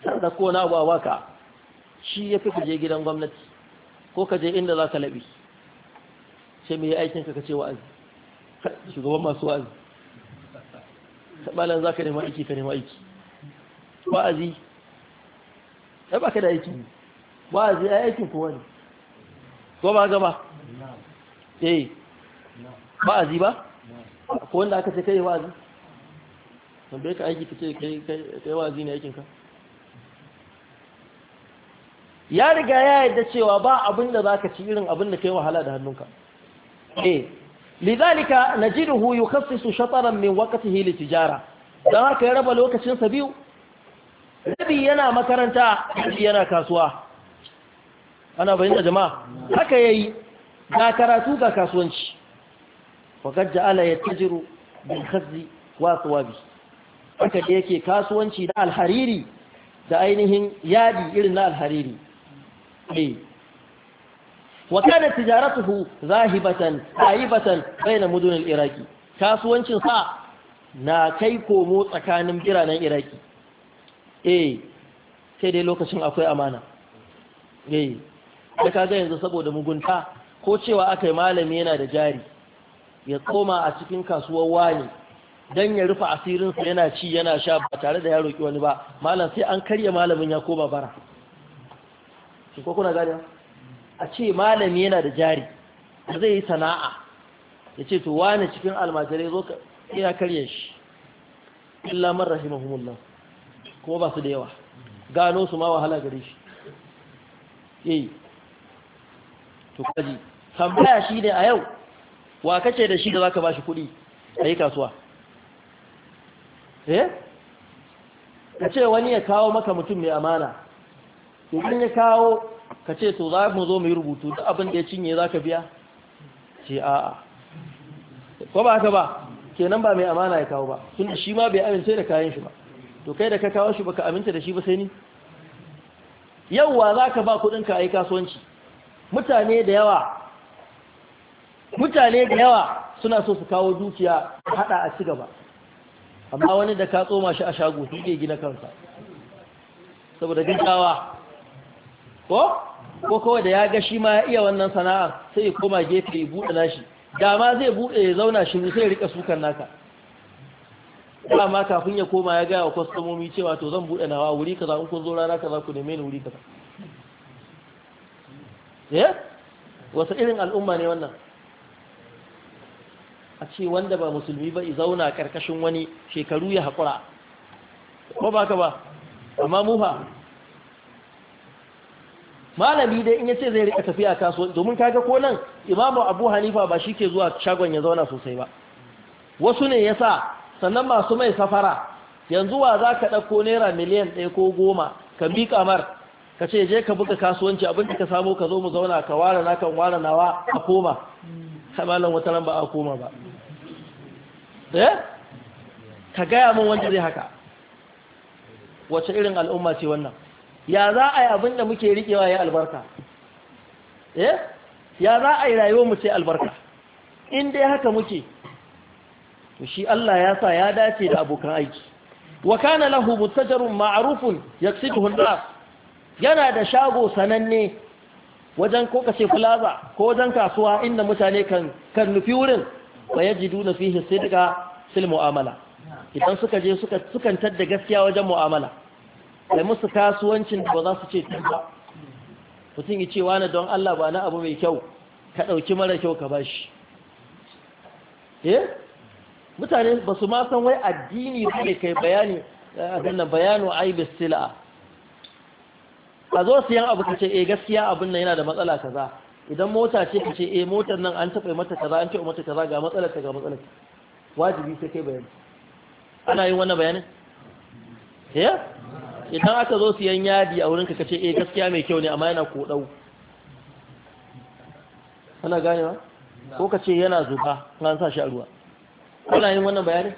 sarda ko na ba waka shi ya fi kaje gidan gwamnati ko kaje inda za ka labi sai mai aikin ka kace wa'azi shugaban masu wa'azi malam za ka nema aiki ka nema aiki wa'azi ya ba ka da aiki wa'azi ya aikin kowa ne ko ba gaba eh wa'azi ba ko wanda aka ce kai wa'azi don bai ka aiki ka ce kai wa'azi ne aikinka ya riga ya yadda cewa ba abinda da za ka ci irin abinda kai wahala da hannunka eh lidhalika najiduhu yukhassisu shataran min waqtihi litijara dan haka ya raba lokacin sa biyu Rabi yana makaranta yana kasuwa ana bayyana jama'a haka yayi ga karatu ga kasuwanci faqad ja'ala yattajiru bil khazzi wa thawabi haka da yake kasuwanci da alhariri da ainihin yadi irin na alhariri eh da وكانت تجارته ذاهبة batan بين مدن العراق kasuwancin sa na kai komo tsakanin biranen iraki eh sai dai lokacin akwai amana eh da kaga yanzu saboda mugunta ko cewa aka akai malami yana da jari ya koma a cikin kasuwar wani dan ya rufe asirinsa yana ci yana sha ba tare da ya roki wani ba malam sai an karya malamin ya koma bara a ce malami yana da jari a zai yi sana'a ya ce to wane cikin almajirai zo ka iya karye shi illa man rahimahumullah kuma ba su da yawa gano su ma wahala gare shi yi to kaji tambaya shi ne a yau wa kace da shi da zaka bashi kuɗi a yi kasuwa eh ka ce wani ya kawo maka mutum mai amana idan ya kawo ka ce to za mu zo mu yi rubutu duk abin da ya cinye za ka biya ce a'a ko ba haka ba kenan ba mai amana ya kawo ba da shi ma bai amince da kayan shi ba to kai da ka kawo shi baka aminta da shi ba sai ni yauwa za ka ba kudin a yi kasuwanci mutane da yawa mutane da yawa suna so su kawo dukiya hada a ci gaba amma wani da ka tsoma shi a shago shi ke gina kansa saboda gidawa ko ko kawai da ya ga shi ma ya iya wannan sana'a sai ya koma gefe ya buɗe nashi dama zai buɗe ya zauna shi sai ya rika sukan naka ma kafin ya koma ya gaya wa kwastomomi cewa to zan buɗe nawa wuri kaza in kun zo rana kaza ku neme ni wuri kaza eh wata irin al'umma ne wannan a ce wanda ba musulmi ba i zauna karkashin wani shekaru ya haƙura ko ba ka ba amma mu fa malami dai in yace zai rika tafiya kaso domin kaga ko nan imamu abu hanifa ba shi ke zuwa shagon ya zauna sosai ba wasu ne yasa sannan masu mai safara yanzu wa za ka ɗauko naira miliyan ɗaya ko goma ka bi kamar ka ce je ka buga kasuwanci abin da ka samu ka zo mu zauna ka ware na kan ware nawa a koma malam wata nan a koma ba eh ka gaya min wanda zai haka wace irin al'umma ce wannan ya za a yi abin da muke riƙewa ya albarka eh? ya za a yi rayuwar mu ce albarka in dai haka muke to shi Allah ya sa ya dace da abokan aiki wa kana lahu muttajarun ma'rufun yaksibuhu an-nas yana da shago sananne wajen ko kace plaza ko wajen kasuwa inda mutane kan kan nufi wurin wa yajiduna fihi sidqa fil mu'amala idan suka je suka sukan tadda gaskiya wajen mu'amala da musu kasuwancin da ba za su ce tun ba mutum ya cewa na don Allah ba na abu mai kyau ka ɗauki mara kyau ka bashi eh mutane ba su ma san wai addini ba ne kai bayani eh, a ganin bayanu yi sila'a a zo siyan abu ka ce e gaskiya abin nan yana da matsala kaza idan mota ce ka ce e motar nan an taɓa mata kaza an taɓa mata kaza ga matsalar ta ga matsalar wajibi sai kai bayani ana yin wannan bayanin idan aka zo siyan yadi a wurinka kace eh gaskiya mai kyau ne amma yana kodau kana gane ba ko kace yana zuba an sa shi a ruwa kuna yin wannan bayani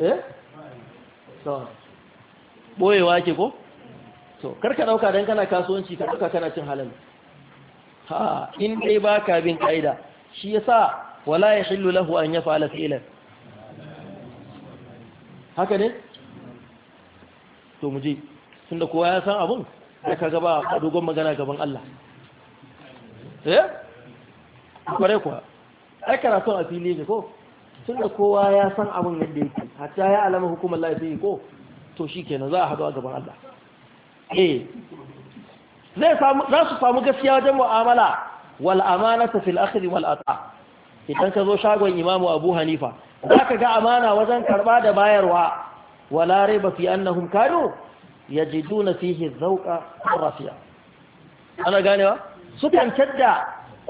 eh to boyewa ke ko to karka dauka dan kana kasuwanci ka dauka kana cin halal ha in dai baka bin kaida shi yasa wala yahillu lahu an yaf'ala fi'lan haka ne to mu je tunda kowa ya san abun da ka gaba a dogon magana gaban Allah eh kware kuwa ai kana son a fili ne ko tunda kowa ya san abun yadda yake hatta ya alama hukumar lafiya ko to shikenan za a hadu a gaban Allah eh zai samu za su samu gaskiya wajen mu'amala wal amanata fil akhri wal ata idan ka zo shagon imamu abu hanifa zaka ga amana wajen karba da bayarwa wala ريب في انهم كانوا يجدون فيه الذوق الرفيع انا غانيوا sukan tadda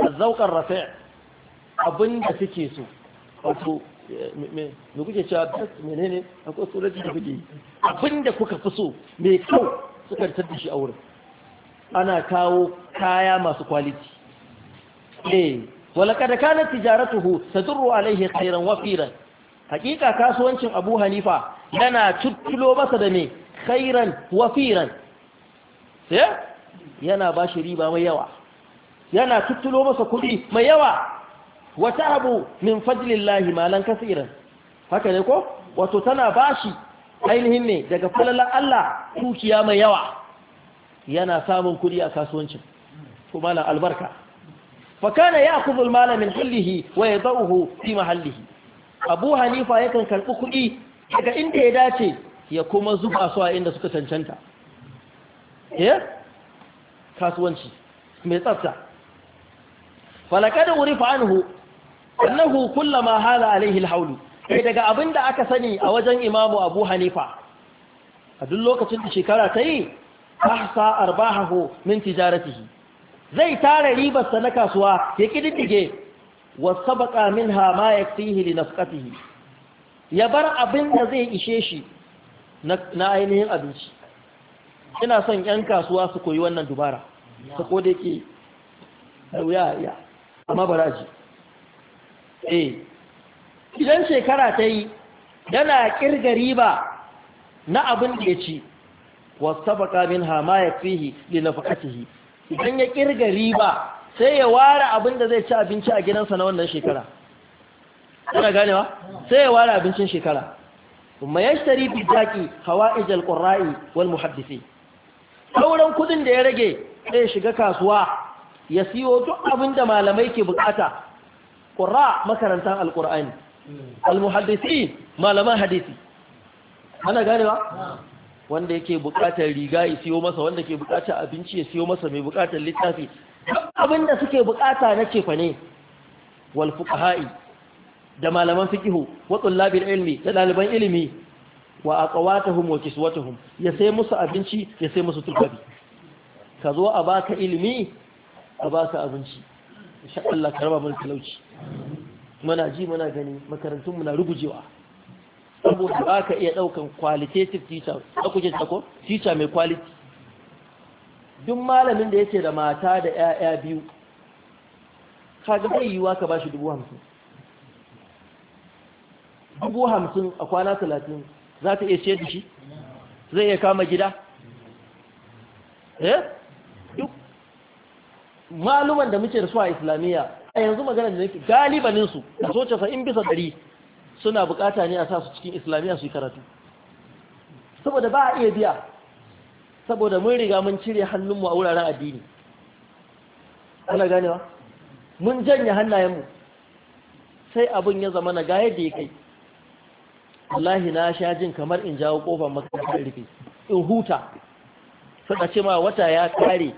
الذوق الرفيع abinda suke so wato me kuke cewa menene akwai tsoraci da kuke abinda kuka fi so mai kyau sukan da shi a wurin ana kawo kaya masu kwaliti eh ولقد كانت تجارته تدر عليه خيرا وفيرا حقيقه kasuwancin Abu Hanifa yana tuttulo masa da mai khairan wafiran sai yana ba shi riba mai yawa yana tuttulo masa kuɗi mai yawa wata abu min fadlillahi malan kasiran haka ne ko wato tana bashi ainihin ne daga falalar Allah dukiya mai yawa yana samun kuɗi a kasuwancin kuma na albarka fakana ya kuzul malamin hullihi wa ya zauhu fi mahallihi abu hanifa yakan karɓi kuɗi daga inda ya dace ya kuma zuba su a inda suka cancanta ya kasuwanci mai tsafta da wuri fa'anhu annahu kullama hala alaihi haulu Sai daga abin da aka sani a wajen imamu abu hanifa a duk lokacin da shekara ta yi ahsa arbahahu min tijaratihi zai tara ribar sa na kasuwa ya kididdige wa sabaqa minha ma yakfihi li nafqatihi ya bar abin da zai ishe shi na ainihin abinci ina son 'yan kasuwa su koyi wannan dubara ta kodai ke ya ya amma baraji eh idan shekara ta yi yana kirga riba na abin da ya ci wasabaka min hama ya fihi linafaqatihi idan ya kirga riba sai ya ware abin da zai ci abinci a gidansa na wannan shekara kana ganewa sai ya ware abincin shekara kuma yashtari fi zaki hawa'ij al-qurra'i wal muhaddisi sauran kudin da ya rage sai ya shiga kasuwa ya siyo duk abin da malamai ke bukata qurra makarantan al-qur'ani al-muhaddisi malaman hadisi ana ganewa wanda yake bukatar riga ya siyo masa wanda ke bukatar abinci ya siyo masa mai bukatar littafi abin da suke bukata na cefa ne wal fuqaha'i da malaman fiqihu wa tullabil ilmi da daliban ilimi wa aqwatuhum wa kiswatuhum ya sai musu abinci ya sai musu tufafi ka zo a baka ilimi a baka abinci insha Allah ka raba mana talauci muna ji muna gani makarantun muna rugujewa saboda ba ka iya ɗaukan qualitative teacher da kuke tako teacher mai quality duk malamin da yake da mata da 'ya'ya biyu kaga bai yiwa ka bashi dubu hamsin dubu hamsin a kwana talatin za ta iya shaidu shi zai iya kama gida eh duk maluman da muke da su a islamiyya a yanzu magana da nake galibaninsu da so in bisa ɗari suna bukata ne a sa su cikin islamiyya su yi karatu saboda ba a iya biya saboda mun riga mun cire hannunmu a wuraren addini ana ganewa mun janye hannayenmu sai abin ya zama na ga yadda ya kai wallahi na sha jin kamar in jawo kofar makarantar rufe in huta suka ce ma wata ya kare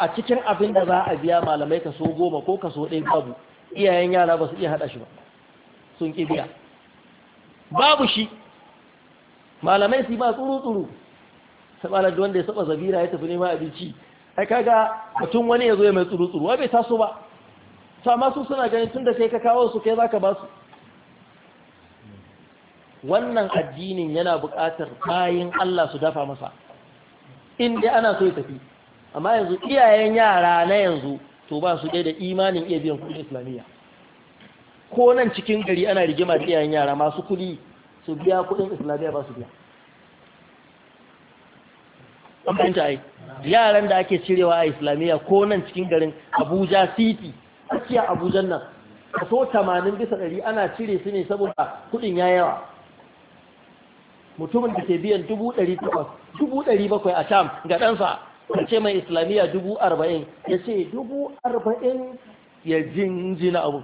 a cikin abin da za a biya malamai kaso goma ko kaso ɗaya babu iyayen yara ba su iya haɗa shi ba sun ƙi biya babu shi malamai su ba tsuru-tsuru saɓanar wanda ya saba zabira ya tafi nema abinci ai kaga mutum wani ya zo ya mai tsuru-tsuru wa bai taso ba sama su suna ganin tun da kai ka kawo su kai za ka ba su wannan addinin yana buƙatar bayin Allah su dafa masa in dai ana so ya tafi amma yanzu iyayen yara na yanzu to ba su da imanin iya biyan kuɗin islamiyya ko nan cikin gari ana rigima da iyayen yara masu kuɗi su biya kuɗin islamiyya ba su biya an ta yi. yaran da ake cirewa a islamiyya ko nan cikin garin abuja city tsakiya abujan nan kaso 80 bisa 100 ana cire su ne saboda kuɗin ya yawa mutumin da ke biyan dubu ɗari takwas dubu ɗari bakwai a cam ga ɗansa ka ce mai islamiyya dubu arba'in ya ce dubu arba'in ya jinjina abu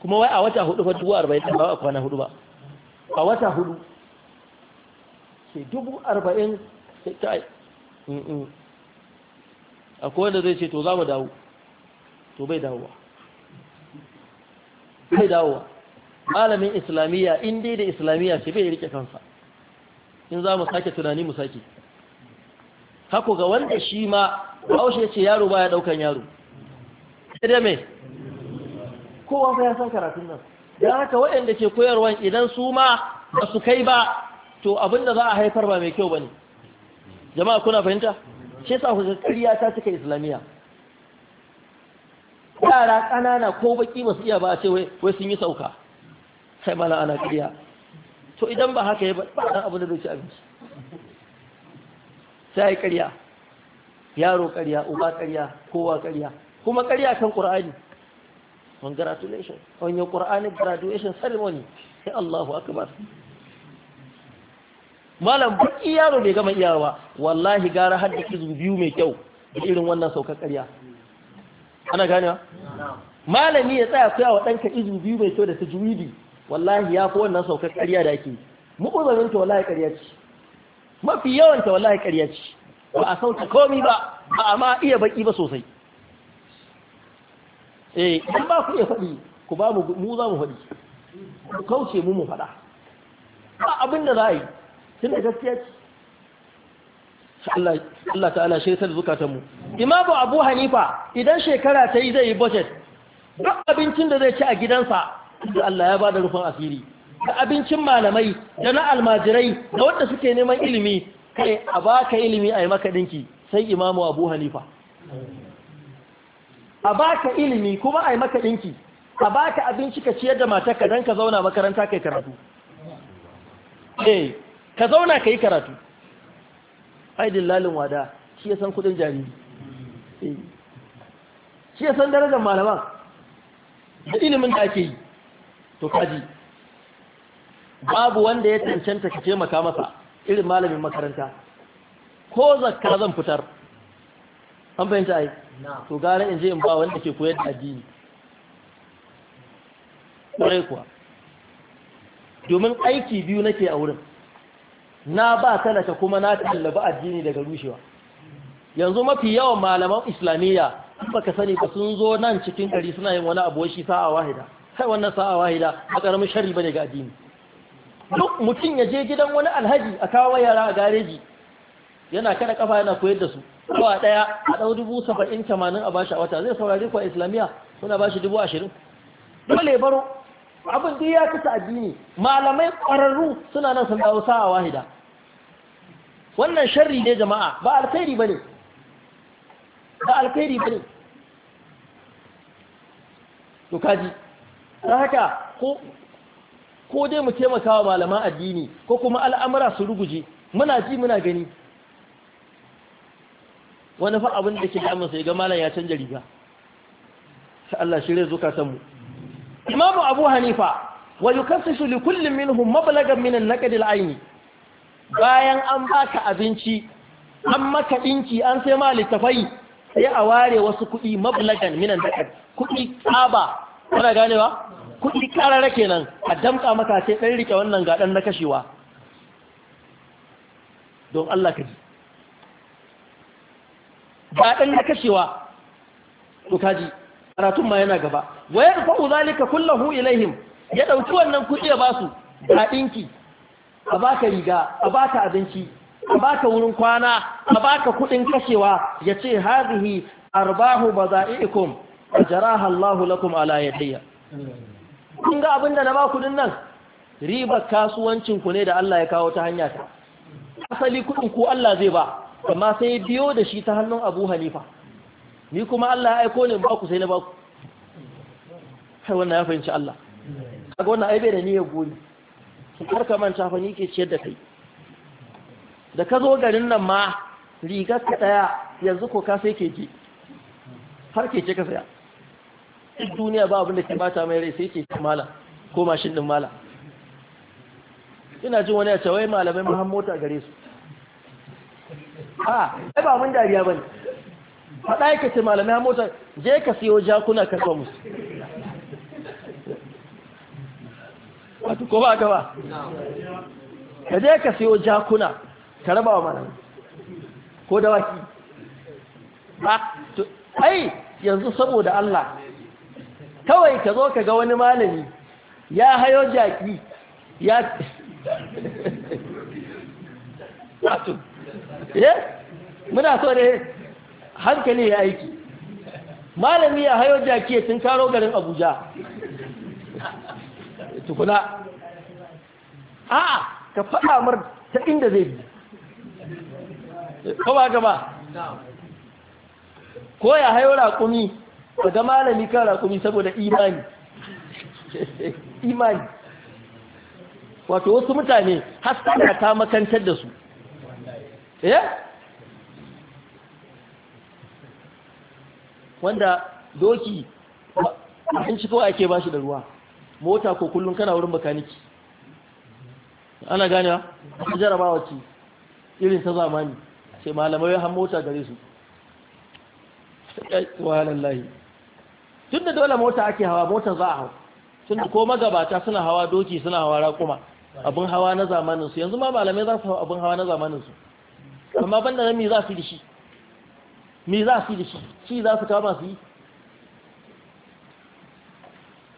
kuma wai a wata hudu ba dubu arba'in ba a kwana hudu ba a wata hudu ce dubu arba'in sai ta akwai wanda zai ce to za mu dawo to bai dawowa bai dawowa malamin islamiyya in dai da islamiyya ce bai rike kansa in za mu sake tunani mu sake hako ga wanda shi ma haushe ce yaro baya daukan yaro sai mai kowa ya san karatun nan dan haka waɗanda ke koyarwa idan su ma ba su kai ba to abinda za a haifar ba mai kyau ba ne. jama'a kuna fahimta shi sa ku kariya ta cika islamiyya yara ƙanana ko baƙi ba su iya ba a ce wai sun yi sauka sai mana ana kiriya to idan ba haka ya ba ɗan abu da zai ci abinci sai kariya yaro kariya uba kariya kowa kariya kuma kariya kan qur'ani congratulations on your qur'anic graduation ceremony sai Allahu akbar malam baki yaro bai gama iyawa wallahi gara har da kizu biyu mai kyau da irin wannan saukar kariya ana ganewa malami ya tsaya koya wa danka izu biyu mai kyau da tajwidi wallahi ya fi wannan saukar ƙarya da ake mu'uzamin ta wallahi ƙarya ce mafi yawan ta wallahi ƙarya ce ba a sauta komi ba ba a ma iya baki ba sosai eh an ba ku iya faɗi ku ba mu mu za mu faɗi ku kauce mu mu faɗa ba abin da za a yi tun da gaskiya ce Allah ta'ala shi ta zukatanmu imamu abu hanifa idan shekara ta yi zai yi budget duk abincin da zai ci a gidansa da Allah ya bada rufin asiri da abincin malamai da na almajirai da wanda suke neman ilimi kai a baka ilimi a yi makadinki sai imamu abu hanifa a baka ilimi kuma a yi makadinki dinki a baka abinci ka ciyar da matarka don ka zauna makaranta kai karatu eh ka zauna ka yi karatu haidin lalin wada shi ya san kudin jariri eh, shi ya san darajar malaman da ilimin da ake yi to kaji babu wanda ya cancanta ka taimaka masa irin malamin makaranta ko zakka zan fitar an fahimta ai to gara in je in ba wanda ke koyar da addini kwarai kuwa domin aiki biyu nake a wurin na ba talaka kuma na tallaba addini daga rushewa yanzu mafi yawan malaman islamiyya baka sani ba sun zo nan cikin gari suna yin wani abu shi sa'a wahida kai wannan sa'a wahida ba karamin sharri bane ga addini duk mutum ya je gidan wani alhaji a kawo yara a gareji yana kada kafa yana koyar da su Ko a daya a dau dubu saba'in tamanin a bashi a wata zai saurare ku a islamiyya suna bashi dubu ashirin dole baro abin duk ya kasa addini malamai ƙwararru suna nan sun dawo sa'a wahida wannan sharri ne jama'a ba alkhairi bane ba alkhairi bane to kaji ta haka ko dai mu taimaka wa malaman addini ko kuma al'amura su ruguje muna ji muna gani wani fa abin da ke damun sai ga malam ya canja riga Allah shirye zuka san Imam Abu Hanifa wa yukassisu li kullin minhum mablagan min an-naqd al bayan an baka abinci an maka dinki an sai ma littafai sai a ware wasu kuɗi mablagan min an-naqd kuɗi tsaba kana ganewa kuɗi karara kenan a damƙa maka sai ɗan rike wannan ga na kashewa don Allah ka ji ga na kashewa to ka ji karatun ma yana gaba wayar fa'u zalika kulluhu ilaihim ya ɗauki wannan kuɗi ya basu. su ga a baka riga a baka abinci a baka wurin kwana a baka kuɗin kashewa yace ce hazihi arbahu baza'ikum jaraha Allahu lakum ala yahiya kun ga abinda na ba ku din nan riba kasuwancin ku ne da Allah ya kawo ta hanya ta asali kudin ku Allah zai ba amma sai biyo da shi ta hannun Abu Hanifa ni kuma Allah ya aiko ne ba ku sai na ba ku sai wannan ya fahimci Allah kaga wannan ai bai da niyyar goyi har ka manta fa ni ke ciyar da kai da ka zo garin nan ma rigar ka daya yanzu ko ka sai ji har ke ce ka saya duk duniya ba abin da ke bata mai rai sai ke mala ko mashin din mala ina jin wani a cewai malamai mahan mota gare su a ai ba mun dariya bane faɗa yake ce malamai mahan mota je ka siyo jakuna ka zo musu wato ko ba gaba ka je ka siyo jakuna ka raba wa malamai ko dawaki ba ai yanzu saboda Allah kawai ka zo ka ga wani malami ya hayo jaki ya wato eh muna so ne hankali ya aiki malami ya hayo jaki sun karo garin abuja tukuna a'a ka faɗa mar ta inda zai bi ko gaba ko ya hayo raƙumi ga malami kan rakumi saboda imani imani wato wasu mutane na ta makantar da su ya eh? wanda doki ci kawai ake ba da ruwa mota ko kullum kana wurin bakaniki ana ganewa ta jarabawa ce irin ta zamani ce malamai han mota gare su halallahi tun da dole mota ake hawa mota za a hau tun da ko magabata suna hawa doki suna hawa raƙuma abin hawa na zamaninsu yanzu ma malamai za su hau abin hawa na zamaninsu amma ban da mi za su da shi za su da shi shi za su kama su yi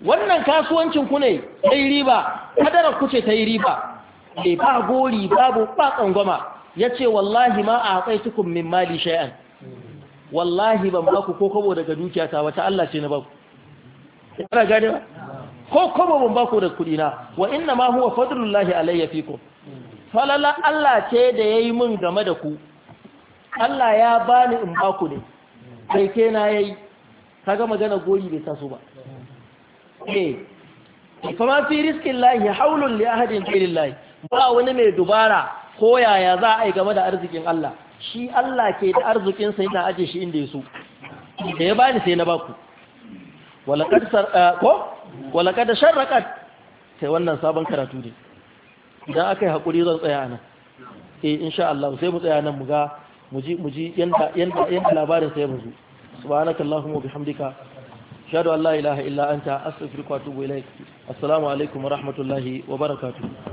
wannan kasuwancin ku ne ta yi riba kadara ku ce ta yi riba eh, ba gori babu ba tsangwama ya ce wallahi ma a haƙai tukun min mali shay'an wallahi ban baku ko kobo daga dukiyata wata Allah ce na ku kana gane ba ko kobo ban baku da kudi na wa inna ma huwa fadlullahi alayya fikum falala Allah ce da yayi mun game da ku Allah ya bani in baku ne kai ke na yayi kaga magana goyi bai taso ba eh ma fi rizqin lahi haulun li ahadin fi lillahi ba wani mai dubara ko yaya za a yi game da arzikin Allah shi Allah ke da arzikin sa yana aje shi inda yaso da ya bani sai na baku walaqad eh, ko walaqad sharraqat sai wannan sabon karatu ne idan akai hakuri zan tsaya nan eh insha Allah sai mu tsaya nan mu ga mu ji mu ji yanda yanda yanda labarin sai mu zo wa bihamdika ashhadu an la ilaha illa anta astaghfiruka wa atubu ilaik assalamu alaikum wa rahmatullahi wa barakatuh